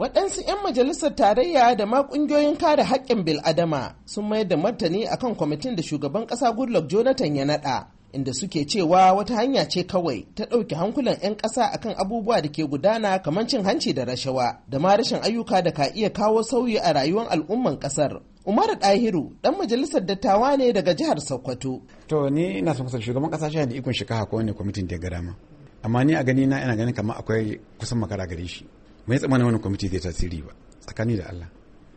waɗansu 'yan majalisar tarayya da ma ƙungiyoyin kare haƙƙin bil'adama sun mayar da martani akan kwamitin da shugaban ƙasa goodluck jonathan ya naɗa inda suke cewa wata hanya ce kawai ta ɗauki hankulan 'yan ƙasa akan abubuwa da ke gudana kamar cin hanci da rashawa da ma rashin ayyuka da ka iya kawo sauyi a rayuwar al'umman ƙasar umaru ɗahiru ɗan majalisar dattawa ne daga jihar sokoto to ni ina son shugaban ƙasa shi da ikon shi ko kwamitin da ya gara amma ni a gani na ina ganin kamar akwai kusan makara gare shi mai tsammanin wannan kwamiti zai tasiri ba tsakani da Allah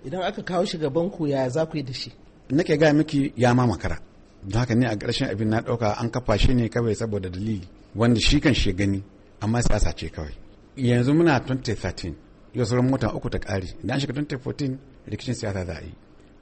idan aka kawo shi gaban ku ya za ku yi da shi nake gaya miki ya ma makara don haka ne a ƙarshen abin na ɗauka an kafa shi ne kawai saboda dalili wanda shi kan shi gani amma siyasa ce kawai yanzu muna 2013 yau sauran mota uku ta ƙari idan shiga 2014 rikicin siyasa za a yi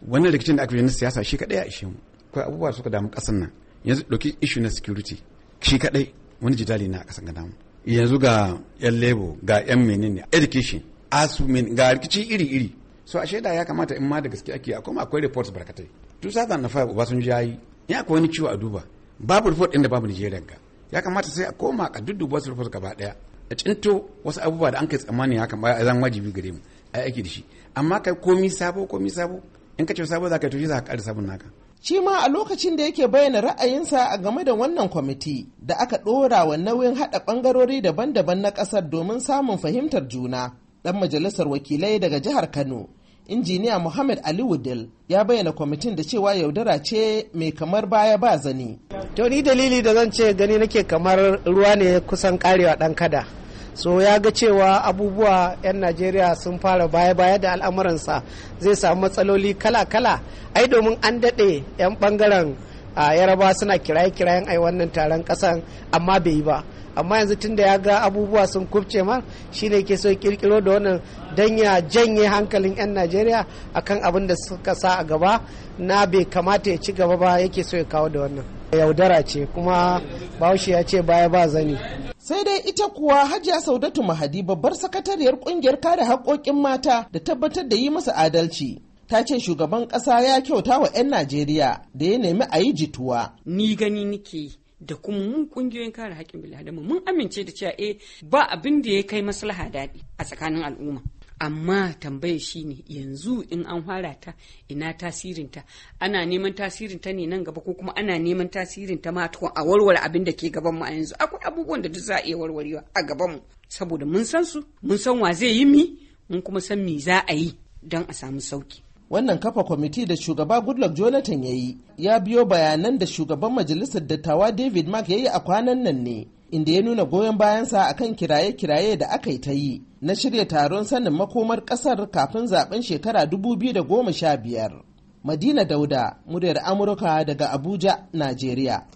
wannan rikicin da aka yi na siyasa shi kaɗai a ishe mu akwai abubuwa suka damu ƙasar nan yanzu ɗauki ishu na security shi kaɗai wani jidali na a ƙasar ga damu yanzu ga yan lebo ga yan menene education asu men ga rikici iri iri so a shaida ya kamata in ma da gaske ake akwai akwai reports barkatai 2005 sun ji yi ya akwai wani ciwo a duba babu report din da babu nigerian ga ya kamata sai a koma a dudduba wasu report gaba daya a cinto wasu abubuwa da an kai tsammani ya ba zan wajibi gare mu a aiki da shi amma kai komi sabo komi sabo in ka ce sabo za ka yi za ka ƙara sabon naka shi ma a lokacin da yake bayyana ra'ayinsa a game da wannan kwamiti da aka ɗora wa nauyin haɗa ɓangarori daban-daban na ƙasar domin samun fahimtar juna ɗan majalisar wakilai daga jihar kano injiniya muhammad ali wudil ya bayyana kwamitin da cewa yaudara ce mai kamar baya ba zani to ni dalili da zan ce gani nake kamar ruwa ne kusan karewa ɗan kada so ya ga cewa abubuwa 'yan najeriya sun fara baya-baya da al'amuransa zai samu matsaloli kala-kala ai domin an daɗe 'yan bangaren a yaraba suna kiraye-kirayen ai wannan taron ƙasan amma bai yi ba amma yanzu tun da ya ga abubuwa sun kubce ma shine ke so kirkiro da wannan don ya janye hankalin 'yan najeriya akan abin da suka sa a gaba na bai kamata ya ci gaba ba yake so ya kawo da wannan yaudara ce kuma bahaushe ya ce baya ba zani sai dai ita kuwa hajiya saudatu mahadi babbar sakatariyar kungiyar kare haƙoƙin mata da tabbatar da yi musu adalci ta ce shugaban ƙasa ya kyauta wa 'yan najeriya da ya nemi a yi jituwa ni gani nike da kuma mun kungiyoyin kare haƙƙin bil'adama mun amince da cewa eh ba abin da ya kai maslaha daɗi a tsakanin al'umma amma tambaya ne yanzu in an fara ta ina tasirinta ana neman tasirinta ne nan gaba ko kuma ana neman tasirinta ma a warware abin da ke gaban mu a yanzu akwai abubuwan da duk za a iya warwarewa a gaban mu saboda mun san su mun san wa zai yi mi mun kuma san me za a yi don a samu sauki wannan kafa kwamiti da shugaba goodluck jonathan ya yi ya biyo bayanan da shugaban majalisar dattawa david mark ya yi a kwanan nan ne inda ya nuna goyon bayansa a kan kiraye-kiraye da aka yi ta yi na shirya taron sanin makomar kasar kafin zaben shekara 2015. Madina Dauda, muryar Amurka daga Abuja, Najeriya.